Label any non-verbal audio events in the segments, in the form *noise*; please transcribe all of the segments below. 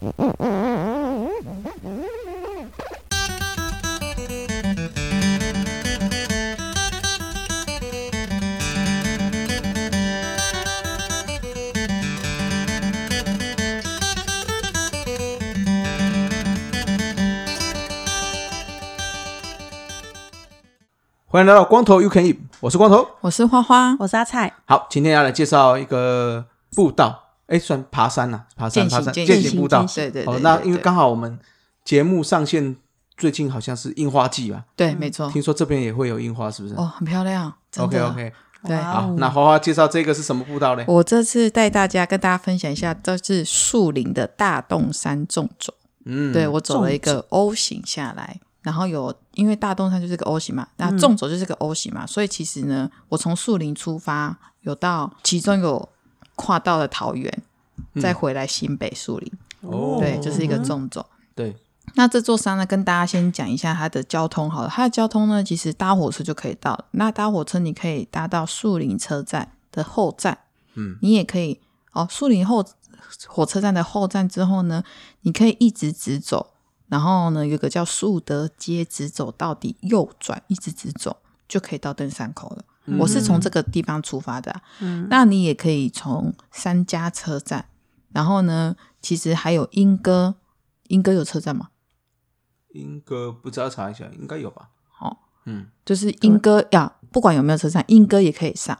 歡迎來到光頭悠 CampEat，我是光頭，我是花花，我是阿蔡。好，今天要來介紹一個步道。哎，算爬山了，爬山爬山，健行步道，對對哦，那因為剛好我們節目上線最近好像是櫻花季吧？對，沒錯。聽說這邊也會有櫻花，是不是？哦，很漂亮。OK OK，對。好，那花花介紹這個是什麼步道嘞？我這次帶大家跟大家分享一下，這是樹林的大棟山縱走。嗯，對我走了一個 O 型下來，然後有因為大棟山就是個 O 型嘛，那縱走就是個 O 型嘛，所以其實呢，我從樹林出發，有到其中有。跨到了桃園，再回來新北樹林，嗯、對，就是一個縱走，嗯。對，那這座山呢，跟大家先講一下它的交通好了。它的交通呢，其實搭火車就可以到。那搭火車你可以搭到樹林車站的後站，嗯，你也可以哦。樹林後火車站的後站之後呢，你可以一直直走，然後呢，有一個叫樹德街，直走到底，右轉，一直直走就可以到登山口了。嗯、我是從這個地方出發的、啊，嗯，那你也可以從三家車站，然後呢，其實還有鶯歌，鶯歌有車站嗎？鶯歌不知道，查一下，應該有吧。好、哦，嗯，就是鶯歌呀對、啊，不管有沒有車站，鶯歌也可以上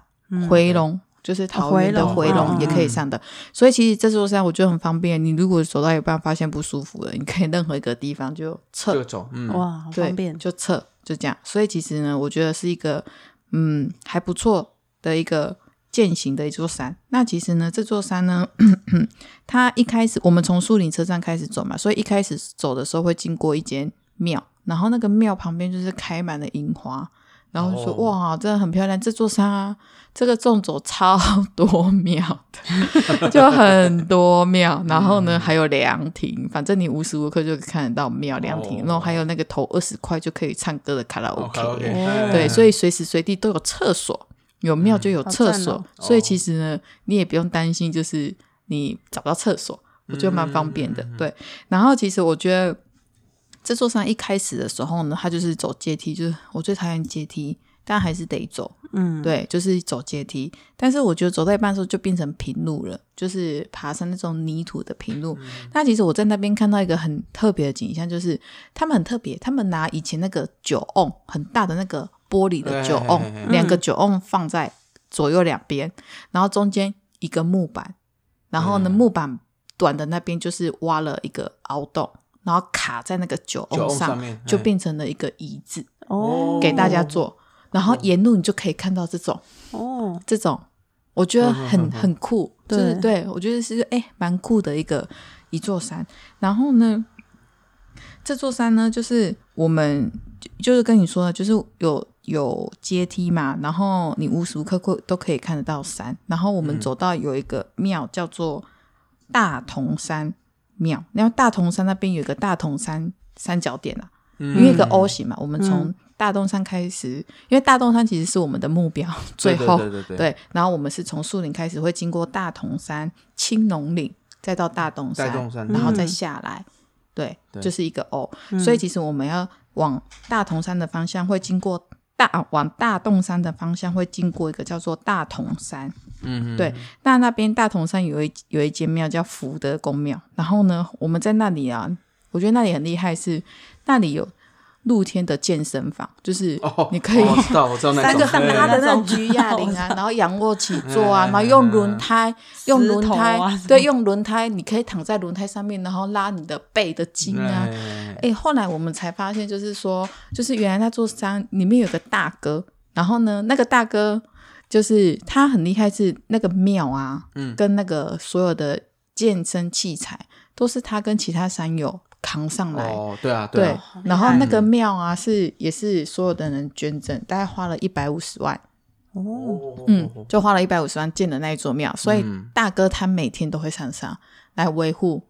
回龍，嗯、迴龍就是桃園的回龍也可以上的。哦嗯、所以其實這座山我覺得很方便，你如果走到一半發現不舒服了，你可以任何一個地方就撤走，嗯、對哇，好方便，就撤就這樣。所以其實呢，我覺得是一個。嗯，還不錯的一個健行的一座山。那其實呢，這座山呢，呵呵它一開始我們從樹林車站開始走嘛，所以一開始走的時候會經過一間廟，然後那個廟旁邊就是開滿了櫻花。然後說、oh. 哇，真的很漂亮！這座山啊，這個縱走超多廟的， *laughs* *laughs* 就很多廟。然後呢， *laughs* 嗯、還有涼亭，反正你無時無刻就可以看得到廟、涼、oh. 亭。然後還有那個投二十塊就可以唱歌的卡拉 OK，, okay.、欸、對，所以隨時隨地都有廁所，有廟就有廁所。嗯、所以其實呢，你也不用擔心，就是你找到廁所，我覺得蠻方便的。嗯、對，然後其實我覺得。這座山一開始的時候呢，它就是走階梯，就是我最討厭階梯，但還是得走。嗯，對，就是走階梯。但是我覺得走到一半的時候就變成平路了，就是爬山那種泥土的平路。嗯、那其實我在那邊看到一個很特別的景象，就是他們很特別，他們拿以前那個酒甕，很大的那個玻璃的酒甕、oh 嗯，兩個酒甕、oh、放在左右兩邊，然後中間一個木板，然後呢、嗯、木板短的那邊就是挖了一個凹洞。然後卡在那個酒甕上，上面就變成了一個椅子哦，給大家坐。然後沿路你就可以看到這種哦，這種我覺得很、哦、很酷，對對,對我覺得是哎蠻、欸、酷的一個一座山。然後呢，這座山呢，就是我們就是跟你說的，就是有有階梯嘛，然後你無時無刻,刻都可以看得到山。然後我們走到有一個廟叫做大同山。嗯廟，然後大同山那邊有一個大同山三角點啊，嗯、因為一個 O 型嘛，我們從大棟山開始，嗯、因為大棟山其實是我們的目標，最後對對對對，對，對，然後我們是從樹林開始，會經過大同山、青龍嶺，再到大棟山，大棟山，嗯、然後再下來，嗯、對，就是一個 O，對所以其實我們要往大同山的方向會經過大往大棟山的方向會經過一個叫做大同山。嗯哼，對，那那邊大棟山有一有一間廟叫福德宮廟，然後呢，我們在那裡啊，我覺得那裡很厲害是，是那裡有露天的健身房，就是你可以三、oh, *laughs* 那個很大的那種舉啞鈴啊， *laughs* 然後仰臥起坐啊， *laughs* 然後用輪胎， *laughs* 用輪胎， *laughs* 對，用輪胎，你可以躺在輪胎上面，然後拉你的背的筋啊。哎對、欸，後來我們才發現，就是說，就是原來那座山裡面有個大哥，然後呢，那個大哥。就是他很厲害，是那個廟啊，跟那個所有的健身器材都是他跟其他山友扛上來。哦，對啊，對。然後那個廟啊，是也是所有的人捐贈，大概花了一百五十萬。哦。嗯，就花了一百五十萬建的那一座廟，所以大哥他每天都會上山來維護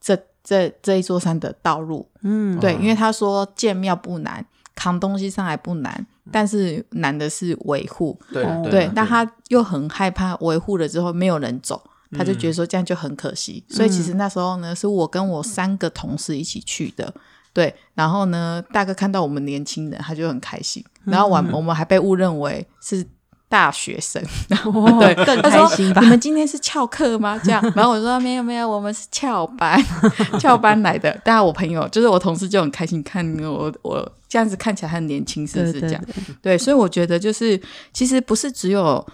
這這這一座山的道路。嗯，對，因為他說建廟不難，扛東西上來不難。但是難的是維護，對，了對，對了但他又很害怕維護了之後沒有人走，了他就覺得說這樣就很可惜。嗯、所以其實那時候呢，是我跟我三個同事一起去的，嗯、對，然後呢，大哥看到我們年輕人，他就很開心，然後我我們還被誤認為是、嗯。是大學生，哦、 *laughs* 對，更開心吧？他說 *laughs* 你們今天是翹課嗎？這樣，然後我說沒有沒有，我們是翹班，翹 *laughs* 班來的。當然，我朋友就是我同事就很開心，看我我這樣子看起來很年輕，是不是這樣？對、對、對、對，所以我覺得就是，其實不是只有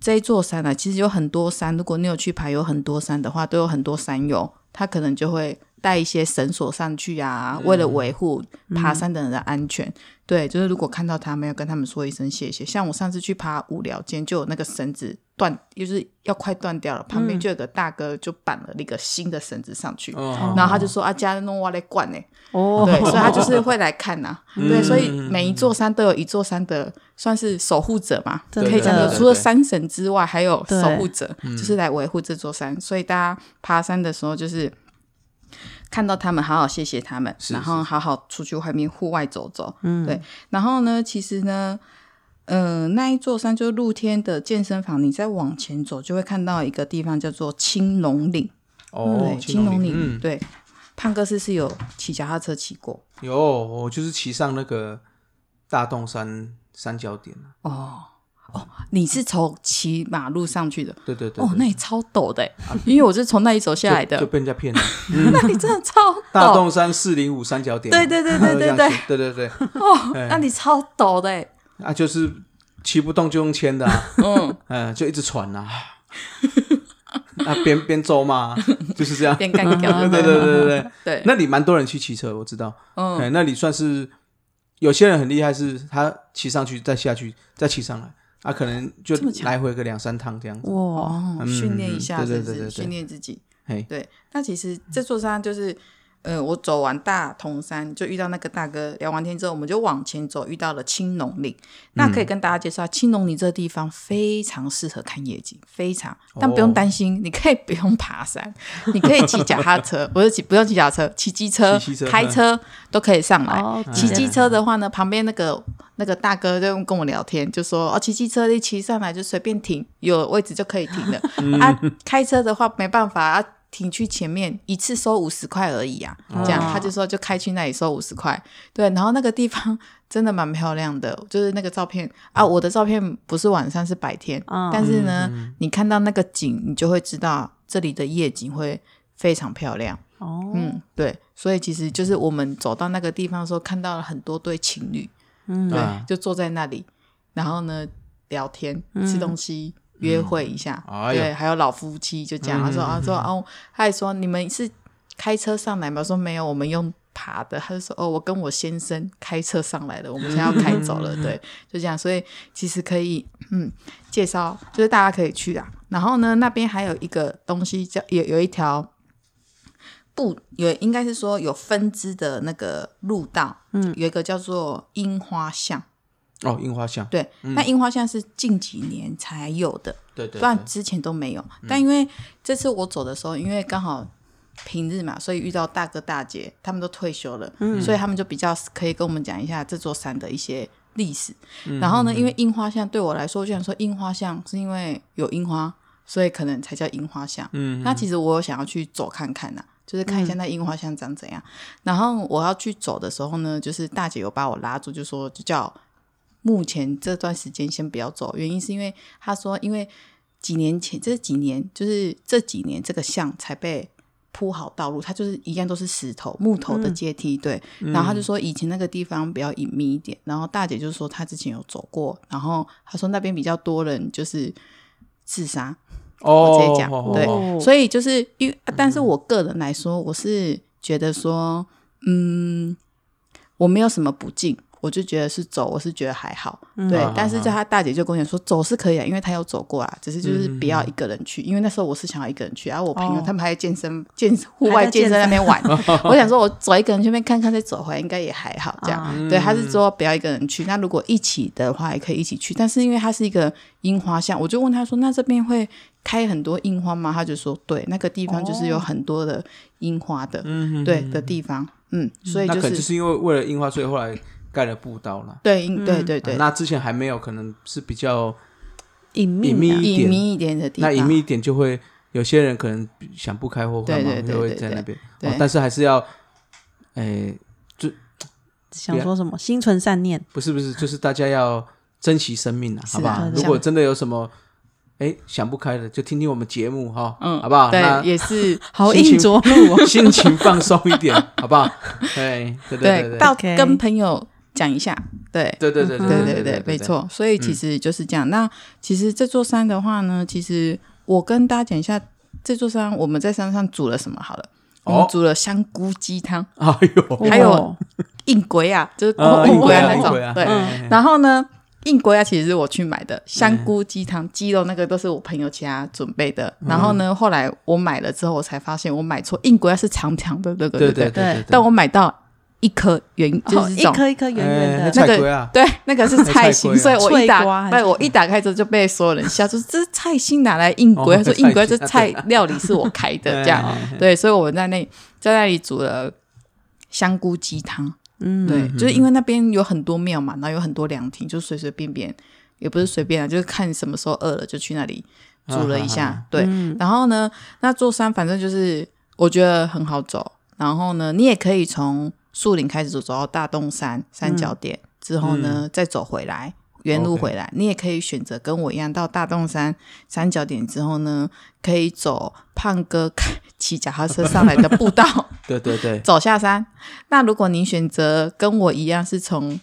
這一座山啊，其實有很多山。如果你有去爬，有很多山的話，都有很多山友，他可能就會。帶一些繩索上去啊，為了維護爬山的人的安全。嗯、對，就是如果看到他沒有跟他們說一聲謝謝。像我上次去爬五寮尖，就有那個繩子斷，就是要快斷掉了，嗯、旁邊就有個大哥就綁了那個新的繩子上去。嗯、然後他就說：“嗯、啊，家弄我來管呢、欸。」哦，對，所以他就是會來看啊。嗯、對，所以每一座山都有一座山的算是守護者嘛，真的可以講。除了山神之外，還有守護者，就是來維護這座山。對嗯、所以大家爬山的時候，就是。看到他們，好好謝謝他們，是是，然後好好出去外面戶外走走。嗯，是是 對。嗯、然後呢，其實呢，嗯、呃，那一座山就是露天的健身房，你再往前走就會看到一個地方叫做青龍嶺。哦對，青龍嶺。對，嗯、胖哥是是有騎腳踏車騎過。有，我就是騎上那個大棟山三角點。哦。哦，你是從騎馬路上去的，對對對。哦，那裡超陡的，因為我是從那裡走下來的，就被人家騙了。那裡真的超陡，大棟山四零五三角點。對對對對對對對對對。哦，那裡超陡的，那就是騎不動就用牽的啊，嗯，就一直喘吶，啊，邊邊走嘛，就是這樣，邊幹掉。對對對對對。對，那裡蠻多人去騎車，我知道。嗯，那裡算是有些人很厲害，是他騎上去，再下去，再騎上來。啊，可能就來回個兩三趟這樣子，訓練、哦嗯、一下自己，訓練自己。哎，對，那其實這座山就是。呃、嗯，我走完大同山，就遇到那個大哥，聊完天之後，我們就往前走，遇到了青龍嶺。嗯、那可以跟大家介紹，青龍嶺這個地方非常適合看夜景，非常。但不用擔心，哦、你可以不用爬山， *laughs* 你可以騎腳踏車，不是 *laughs* 不用騎腳踏車，騎機車、車開車都可以上來。騎機、哦、騎機車的話呢，旁邊那個那個大哥就跟我聊天，就說哦，騎機車你騎上來就隨便停，有位置就可以停了。嗯、啊，開車的話沒辦法啊。停去前面一次收五十塊而已啊，這樣他就說，就開去那裡收五十塊。哦、對，然後那個地方真的蠻漂亮的，就是那個照片啊，我的照片不是晚上，是白天，哦、但是呢，嗯嗯、你看到那個景，你就會知道這裡的夜景會非常漂亮。哦、嗯，對，所以其實就是我們走到那個地方的時候，看到了很多對情侶，嗯、對，就坐在那裡，然後呢聊天吃東西。嗯約會一下，嗯哦哎、對，還有老夫妻就講，他說啊，嗯、哼說哦，他還說你們是開車上來嗎？說沒有，我們用爬的。他就說哦，我跟我先生開車上來的，我們現在要開走了，嗯、哼對，就這樣。所以其實可以，嗯，介紹就是大家可以去啊。然後呢，那邊還有一個東西叫有有一條不有應該是說有分支的那個路道，嗯、有一個叫做櫻花巷。哦，櫻花巷。對，嗯、那櫻花巷是近幾年才有的，對，對對，不然之前都沒有。嗯、但因為這次我走的時候，因為剛好平日嘛，所以遇到大哥大姐，他們都退休了，嗯，所以他們就比較可以跟我們講一下這座山的一些歷史。嗯、然後呢，因為櫻花巷對我來說，就想說櫻花巷是因為有櫻花，所以可能才叫櫻花巷。嗯，那其實我有想要去走看看吶、啊，就是看一下那櫻花巷長怎樣。嗯、然後我要去走的時候呢，就是大姐有把我拉住，就說就叫。目前這段時間先不要走，原因是因為他說，因為幾年前這幾年就是這幾年這個巷才被鋪好道路，他就是一樣都是石頭木頭的階梯，嗯、對。然後他就說以前那個地方比較隱秘一點，然後大姐就說她之前有走過，然後她說那邊比較多人就是自殺，哦、我直接講，哦、對。哦、所以就是因為，啊嗯、但是我個人來說，我是覺得說，嗯，我沒有什麼不敬。我就覺得是走，我是覺得還好，對。但是叫他大姐就跟我講說，走是可以啊，因為他有走過啊。只是就是不要一個人去，因為那時候我是想要一個人去，然後我朋友他們還在健身、健戶外健身那邊玩。我想說，我走一個人去那邊看看，再走回來應該也還好這樣。對，他是說不要一個人去，那如果一起的話也可以一起去。但是因為他是一個櫻花巷，我就問他說：“那這邊會開很多櫻花嗎？”他就說：“對，那個地方就是有很多的櫻花的，對的地方。”嗯，所以就是因為為了櫻花，所以後來。蓋了步道了，對對對對，那之前還沒有，可能是比較隱秘一點、隱秘一點的地方。那隱秘一點就會有些人可能想不開或幹嘛，就會在那邊。但是還是要，哎，就想說什麼，心存善念，不是不是，就是大家要珍惜生命了，好不好？如果真的有什麼，哎，想不開的，就聽聽我們節目哈，嗯，好不好？對。也是，好硬着，心情放鬆一點，好不好？對對對對到跟朋友。講一下，對對對對對對對，沒錯。所以其實就是這樣。那其實這座山的話呢，其實我跟大家講一下，這座山我們在山上煮了什麼好了。我們煮了香菇雞湯，哎呦，還有硬龜啊，就是硬龜啊那種。對。然後呢，硬龜啊其實是我去買的，香菇雞湯、雞肉那個都是我朋友家準備的。然後呢，後來我買了之後，我才發現我買錯，硬龜啊是長長的那個，對對對。但我買到。一顆圓就是一顆一顆圓圓的那個對，那個是菜心，所以我一打對，我一打開之後就被所有人笑，說這是菜心拿來硬瓜，他說硬瓜，這菜料理是我開的，這樣對，所以我們在那在那裡煮了香菇雞湯，嗯，對，就是因為那邊有很多廟嘛，然後有很多涼亭，就隨隨便便也不是隨便啊，就是看什麼時候餓了就去那裡煮了一下，對，然後呢，那座山反正就是我覺得很好走，然後呢，你也可以從樹林開始走，走到大棟山三角點、嗯、之後呢，再走回來，嗯、原路回來。okay 你也可以選擇跟我一樣，到大棟山三角點之後呢，可以走胖哥開騎腳踏車上來的步道。 *laughs* 對，對對對，走下山。那如果您選擇跟我一樣是從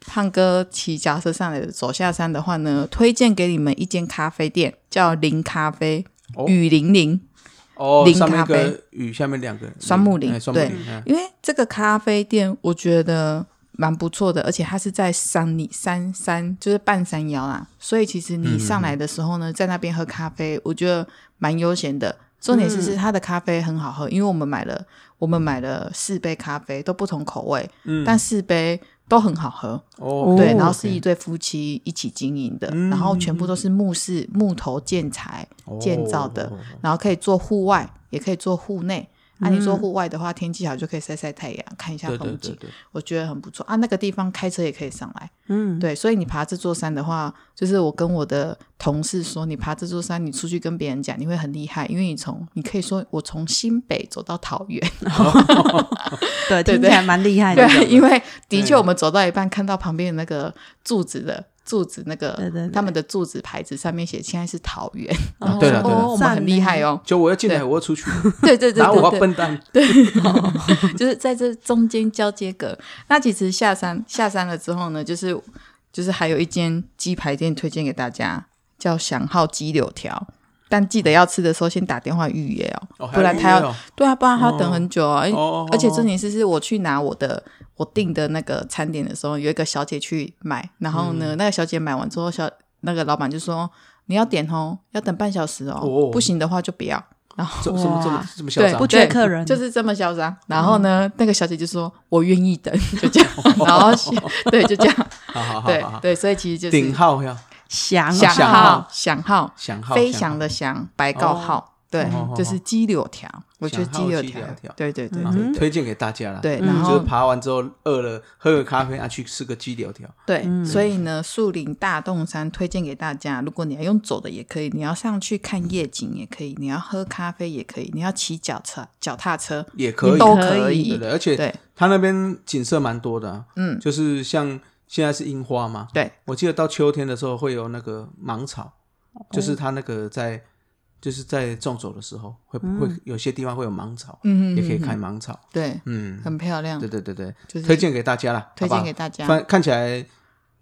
胖哥騎腳踏車上來的走下山的話呢，推薦給你們一間咖啡店，叫林咖啡，雨霖鈴。哦哦，林咖啡，雨下面兩個人雙木林，對，哎對啊、因為這個咖啡店我覺得蠻不錯的，而且它是在山裡山山，就是半山腰啦，所以其實你上來的時候呢，嗯、在那邊喝咖啡，我覺得蠻悠閒的。重點是是它的咖啡很好喝，嗯、因為我們買了我們買了四杯咖啡，都不同口味，嗯、但四杯。都很好喝，oh, okay. 對，然後是一對夫妻一起經營的，oh, okay. 然後全部都是木飾、木頭建材建造的，oh. 然後可以做戶外，也可以做戶內。啊，你說戶外的話，天氣好就可以曬曬太陽，看一下風景，我覺得很不錯啊。那個地方開車也可以上來，嗯，對。所以你爬這座山的話，就是我跟我的同事說，你爬這座山，你出去跟別人講，你會很厲害，因為你從你可以說我從新北走到桃園，哦、 *laughs* 對對對，還蠻厲害的。對，因為的確我們走到一半，看到旁邊的那個柱子的。柱子那個，對對對，他們的柱子牌子上面寫現在是桃園，對啊，我們很厲害哦美美。就我要進來，對我要出去， *laughs* 對，對，對對對，然後我要笨蛋，對，對，對，對，對，對 *laughs* *laughs* 就是在這中間交接個。 *laughs* 那其實下山下山了之後呢，就是就是還有一間雞排店推薦給大家，叫祥號雞柳條。但記得要吃的時候先打電話預約哦，不然他要對啊，不然他要等很久哦。而且重點是，是我去拿我的我訂的那個餐點的時候，有一個小姐去買，然後呢，那個小姐買完之後，小那個老闆就說你要點哦，要等半小時哦，不行的話就不要。然後哇，對，不缺客人就是這麼囂張。然後呢，那個小姐就說我願意等，就這樣，然後對，就這樣，好好好，對對，所以其實就是頂號要，翔翔號，翔號，飛翔的翔，白高號，對，就是雞柳條，我覺得雞柳條，對對對，推薦給大家啦。對，然後就是爬完之後餓了，喝個咖啡，啊，去吃個雞柳條。對，所以呢，樹林大洞山推薦給大家，如果你要用走的也可以，你要上去看夜景也可以，你要喝咖啡也可以，你要騎腳車、腳踏車也可以，都可以，而且對，它那邊景色蠻多的，嗯，就是像。現在是櫻花嗎？對，我記得到秋天的時候會有那個芒草，就是它那個在就是在種走的時候會不會有些地方會有芒草，嗯，也可以開芒草，對，嗯，很漂亮，對對對對，推薦給大家啦，推薦給大家。看看起來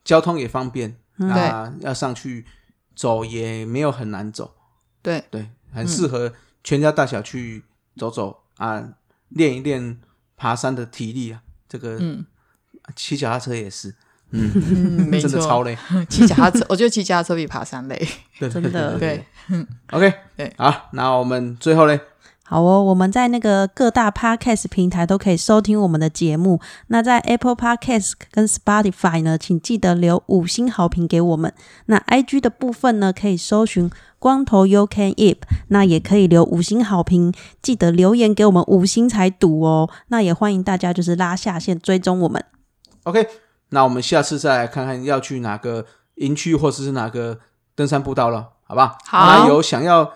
交通也方便啊，要上去走也沒有很難走，對對，很適合全家大小去走走啊，練一練爬山的體力啊，這個嗯，騎腳踏車也是。嗯，嗯，真的超累。騎腳踏車， *laughs* 我覺得騎腳踏車比爬山累。對真的對，對，對。OK，對。好，那我們最後呢？好哦，我們在那個各大 Podcast 平台都可以收聽我們的節目。那在 Apple Podcast 跟 Spotify 呢，請記得留五星好評給我們。那 IG 的部分呢，可以搜尋“光頭悠 CampEat”，那也可以留五星好評。記得留言給我們五星才讀哦。那也歡迎大家就是拉下線追蹤我們。OK。那我們下次再來看看要去哪個營區或者是哪個登山步道了，好不好？好，那有想要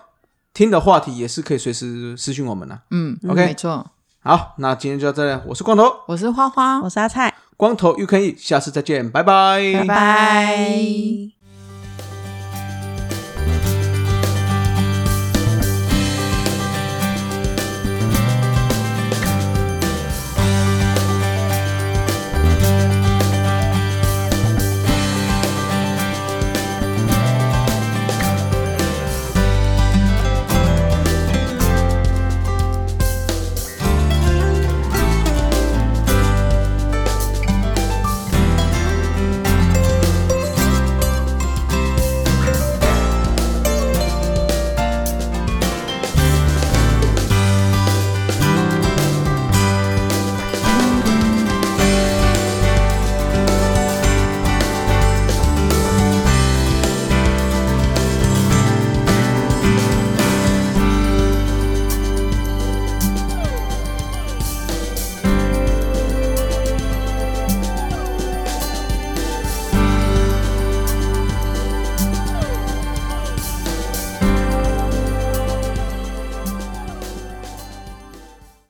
聽的話題也是可以隨時私訊我們呢、啊。嗯，OK，嗯沒錯。好，那今天就到這裡，我是光頭，我是花花，我是阿蔡，光頭悠 CampEat，下次再見，拜拜，拜拜，拜拜。